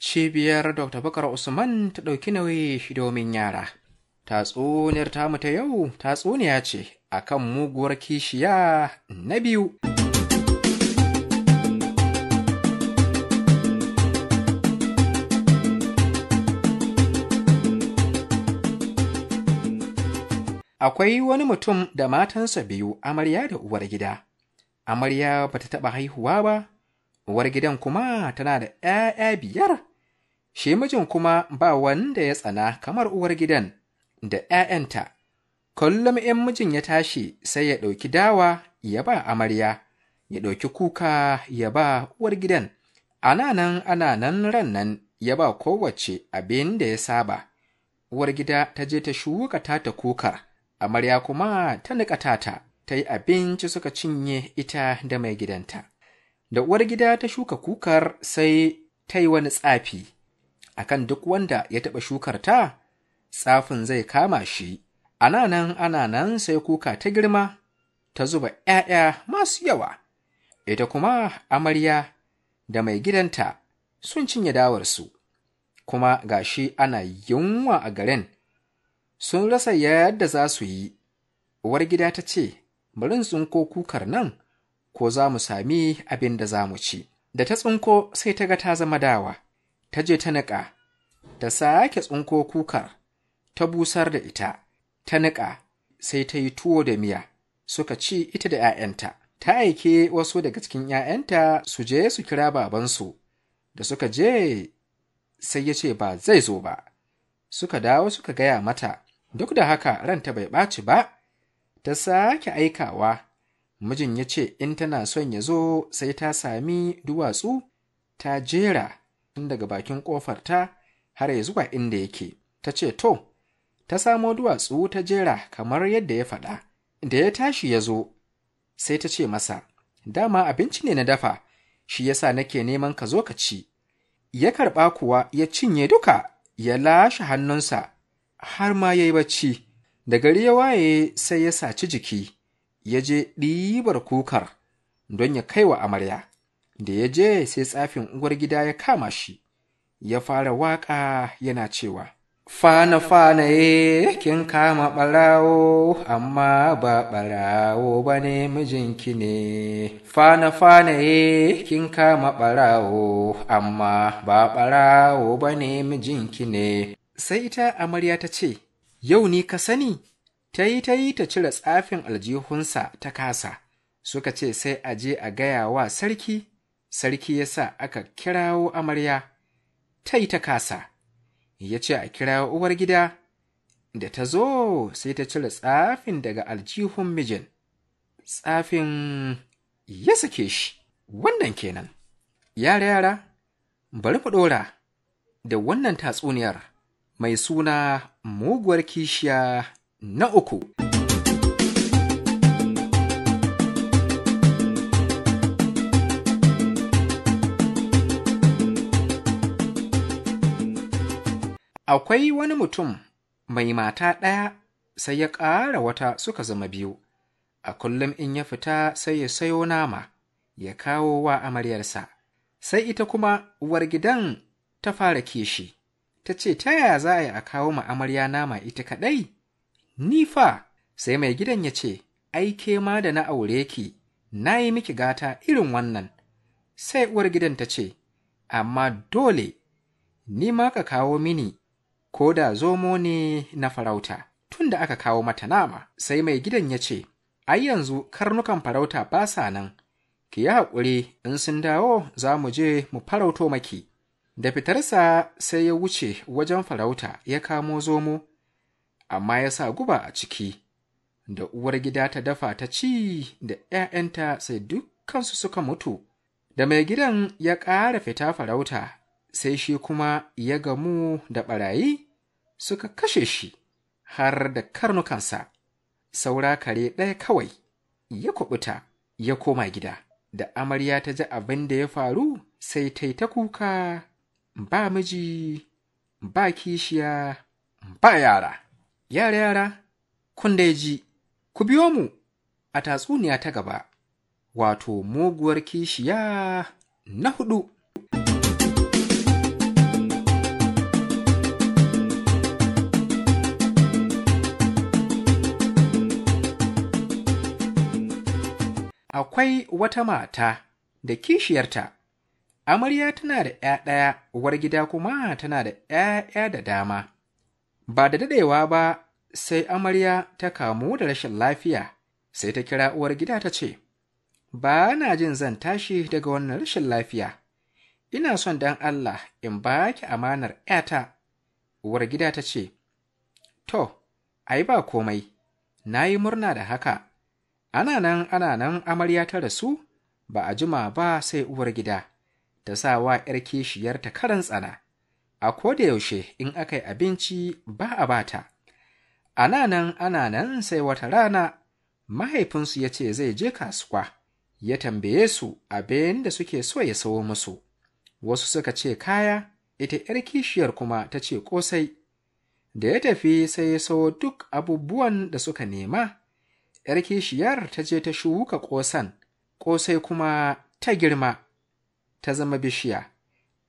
cibiyar dr bakar usman ta ɗauki nauyi domin yara tatsuniyar tamu ta yau tatsuniya ce a kan muguwar kishiya na biyu akwai wani mutum da matansa biyu amarya da uwar gida amarya ba ta taɓa haihuwa ba uwar gidan kuma tana da ‘ya'ya biyar shi mijin kuma ba wanda ya tsana kamar uwar gidan da ‘ya'yanta, kullum ‘yan mijin ya tashi sai ya ɗauki dawa ya ba amarya, ya ɗauki kuka ya ba uwar gidan, ana nan ana nan ran nan ya ba kowace abin da ya saba. Uwar gida ta je ta shuka tata kukar, amarya kuma ta niƙa ta, ta yi abinci suka cinye ita da mai gidanta. Da uwar gida ta shuka kukar sai ta yi wani tsafi. akan duk wanda ya taɓa shukar ta tsafin zai kama shi ananan nan ana nan sai kuka ta girma ta zuba ‘ya'ya masu yawa ita kuma amarya da mai gidanta sun cinye dawarsu kuma ga shi ana yunwa a garin sun rasa yadda za su yi uwar gida ta ce bari tsinko kukar nan ko za mu sami abin da za mu ci da ta tsinko sai ta ga ta zama dawa ta je ta niƙa, ta sake tsinko kukar, ta busar da ita, ta niƙa, sai ta yi tuwo da miya, suka ci ita da ‘ya'yanta. Ta aike wasu daga cikin ‘ya'yanta su je su kira babansu, da suka je sai ya ce ba zai zo ba. Suka dawo suka gaya mata, duk da haka ranta bai ɓaci ba, ta sake aikawa. Mijin ya ce in tana son ya zo sai ta sami duwatsu, ta jera tun daga bakin ƙofar ta har ya zuwa inda yake ta ce to ta samo duwatsu ta jera kamar yadda ya faɗa da ya tashi ya zo sai ta ce masa dama abinci ne na dafa shi yasa nake neman ka zo ka ci ya karɓa kuwa ya cinye duka ya lashe hannunsa har ma ya yi bacci da gari ya waye sai ya saci jiki ya je ɗibar kukar don ya kai wa amarya da ya je sai tsafin uwar gida ya kama shi ya fara waƙa yana cewa fana fana ye eh, kin kama ɓarawo amma ba ɓarawo ba ne mijinki ne fana fana ye eh, kin kama ɓarawo amma ba ɓarawo ba ne mijinki ne sai ita amarya ta ce yau ni ka sani ta yi ta yi ta cire tsafin aljihunsa ta kasa suka ce sai a je a gaya wa sarki sarki ya sa aka kirawo amarya ta yi ta kasa ya ce a kirawo uwar gida da ta zo sai ta cire tsafin daga aljihun mijin tsafin ya sake shi wannan kenan yara yara bari mu ɗora da wannan tatsuniyar mai suna muguwar kishiya na uku. Akwai wani mutum mai mata ɗaya sai ya ƙara wata suka zama biyu, a kullum in ya fita sai ya sayo nama ya kawo wa amaryarsa, sai ita kuma uwar gidan ta fara kishi, ta ce ta yaya za a yi a kawo ma amarya nama ita kaɗai? Ni fa sai mai gidan ya ce, ai ke ma da na aure ki, na yi miki gata irin wannan. Sai uwar gidan ta ce, amma dole, ni ma ka kawo mini ko da zomo ne na farauta tun da aka kawo mata nama sai mai gidan ya ce ai yanzu karnukan farauta ba sa nan ki yi haƙuri in sun dawo za mu je mu farauto maki da fitarsa sai ya wuce wajen farauta ya kamo zomo amma ya sa guba a ciki da uwar gida ta dafa ta ci da ‘ya'yanta sai dukkansu suka mutu da mai gidan ya ƙara fita farauta sai shi kuma ya gamu da ɓarayi suka kashe shi har da karnukansa, saura kare ɗaya kawai ya kuɓuta ya koma gida. Da amarya ta ji abin da ya faru sai ta yi ta kuka ba miji, ba kishiya, ba yara. Yara yara, kun da ji, ku biyo mu a tatsuniya ta gaba, wato muguwar kishiya na hudu. akwai wata mata da kishiyarta, amarya tana da ‘ya ɗaya, uwar gida kuma tana da ‘ya'ya da dama. Ba da daɗewa ba sai amarya ta kamu da rashin lafiya, sai ta kira uwar gida ta ce, Ba na jin zan tashi daga wannan rashin lafiya, ina son dan Allah in ba ki amanar ‘yata. Uwar gida ta ce, To, ai ba komai, na yi murna da haka. ana nan ana nan amarya ta rasu ba a jima ba sai uwar gida ta sa wa ‘yar kishiyarta karan tsana a koda yaushe in aka yi abinci ba a bata ana nan ana nan sai wata rana mahaifinsu ya ce zai je kasuwa ya tambaye su abin da suke so ya sawo musu wasu suka ce kaya ita ‘yar kishiyar kuma ta ce ƙosai da ya tafi sai ya sawo duk abubuwan da suka nema ‘yar ta je ta shuka ƙosan, ƙosai kuma ta girma, ta zama bishiya.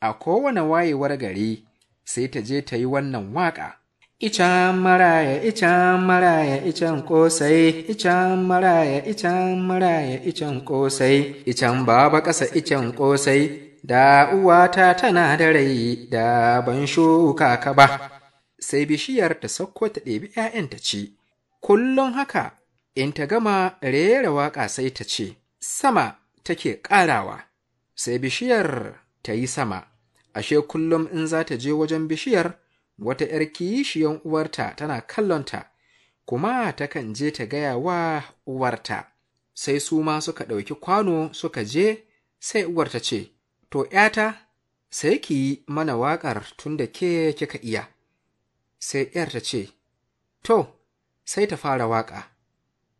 A kowane wayewar gari sai ta je ta yi wannan waƙa. Ican maraya, ican maraya, ican ƙosai, ican maraya, ican maraya, ican ƙosai, ican baba ƙasa, ican ƙosai, da uwata tana da rai, da ban shuka ka ba. Sai bishiyar ta sauko ta ɗebi ‘ya'yan ta ci, kullum haka in ta gama rera waƙa sai ta ce, Sama take ƙarawa, sai bishiyar ta yi sama, ashe kullum in za ta je wajen bishiyar, wata ‘yar kishiyan uwarta tana kallonta, kuma takan je ta gaya wa uwarta, sai su ma suka ɗauki kwano suka je, sai uwarta ce, To, ‘yata, sai ki yi mana waƙar tunda ke kika iya. Sai ‘yar ta ce, To, sai ta fara waƙa.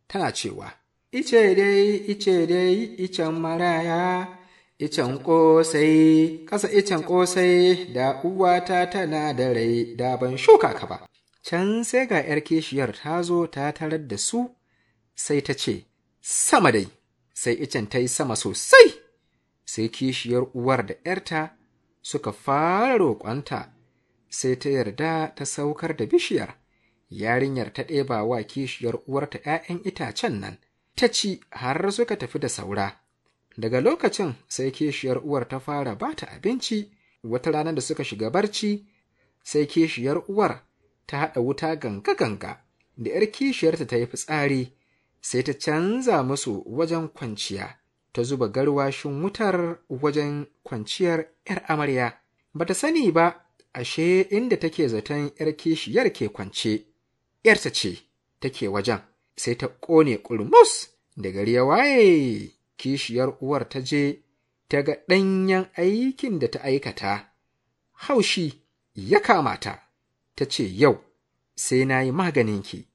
tana cewa, Ice dai, ice dai, icen maraya, icen ƙosai, ƙasa icen ƙosai da uwata tana da rai da ban shuka ka ba. Can sai ga ‘yar kishiyar ta zo ta tarar da su, sai ta ce, Sama dai, sai icen ta yi sama sosai, sai kishiyar uwar da ‘yarta suka fara roƙonta, sai ta yarda ta saukar da bishiyar. yarinyar ta ɗeba wa kishiyar uwarta ‘ya'yan itacen nan, ta ci har suka tafi da saura. Daga lokacin sai kishiyar uwar ta fara ba ta abinci, wata ranar da suka shiga barci, sai kishiyar uwar ta haɗa wuta ganga-ganga, da ‘yar kishiyarta ta yi fitsari, sai ta canza musu wajen kwanciya, ta zuba garwashin wutar wajen kwanciyar ‘yar amarya. Ba ta sani ba, ashe inda take zaton ‘yar kishiyar ke kwance, yarta ce take wajen sai ta ƙone ƙulmus da gari ya waye kishiyar uwar ta je ta ga ɗanyen aikin da ta aikata haushi ya kamata ta ce yau sai na yi maganinki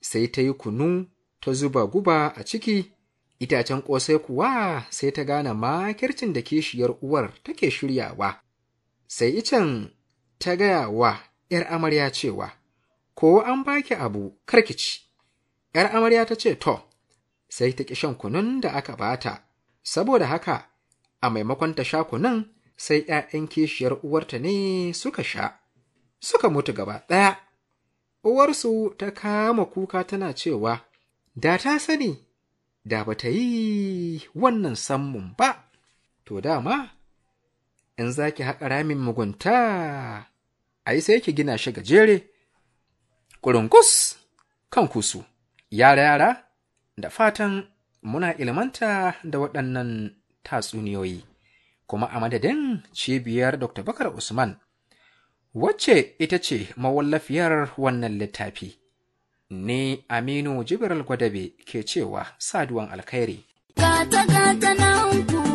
sai ta yi kunu ta zuba guba a ciki itacen ƙosai kuwa sai ta gane makircin da kishiyar uwar take shiryawa sai icen ta gaya wa ‘yar amarya cewa ko an baki abu ci. ‘Yar amarya ta ce, To, sai ta ƙi shan kunun da aka bata, saboda haka, a maimakon ta sha kunun sai ‘ya'yan kishiyar uwarta ne suka sha, suka mutu gaba ɗaya. Uwarsu ta kama kuka tana cewa, Da ta sani, da ba ta yi wannan sammun ba, to dama, in za ki haƙa ramin mugunta, ai sai ki gina shi gajere. kurunkus kan kusu. Yara-yara, da fatan muna ilmanta da waɗannan tatsuniyoyi, kuma a madadin cibiyar Dr. Bakar Usman, wacce ita ce mawallafiyar wannan littafi. Ni Aminu Jibiral Gwadabe ke cewa saduwan alkhairi. Gata gata na